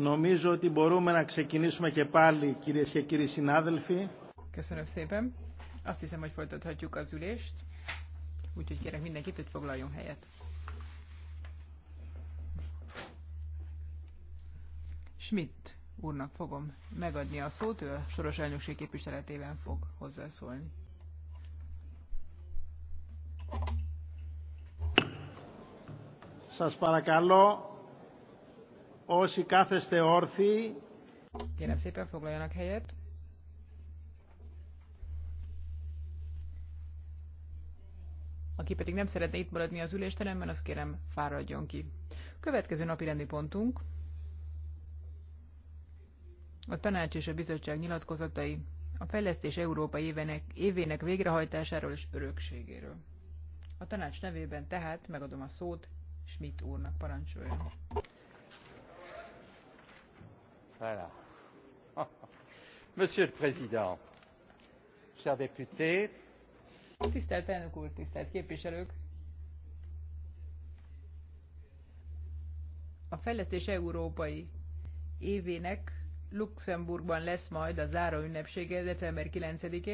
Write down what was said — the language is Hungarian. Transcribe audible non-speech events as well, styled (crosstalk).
Νομίζω ότι μπορούμε να ξεκινήσουμε και πάλι, κυρίε και κύριοι συνάδελφοι. Köszönöm szépen. Azt hiszem, hogy folytathatjuk az ülést, úgyhogy kérek mindenkit, hogy foglaljon helyet. Schmidt úrnak fogom megadni a szót, ő a soros elnökség képviseletében fog hozzászólni. Σας παρακαλώ Όσοι κάθεστε όρθιοι. Kérem szépen foglaljanak helyet. Aki pedig nem szeretne itt maradni az ülésteremben, az kérem fáradjon ki. Következő napi rendi pontunk. A tanács és a bizottság nyilatkozatai a fejlesztés Európa évenek, évének végrehajtásáról és örökségéről. A tanács nevében tehát megadom a szót Schmidt úrnak parancsoljon. Voilà. (laughs) Monsieur le Président, chers députés, Tisztelt elnök úr, tisztelt képviselők! A fejlesztés európai évének Luxemburgban lesz majd a záró ünnepsége december 9-én.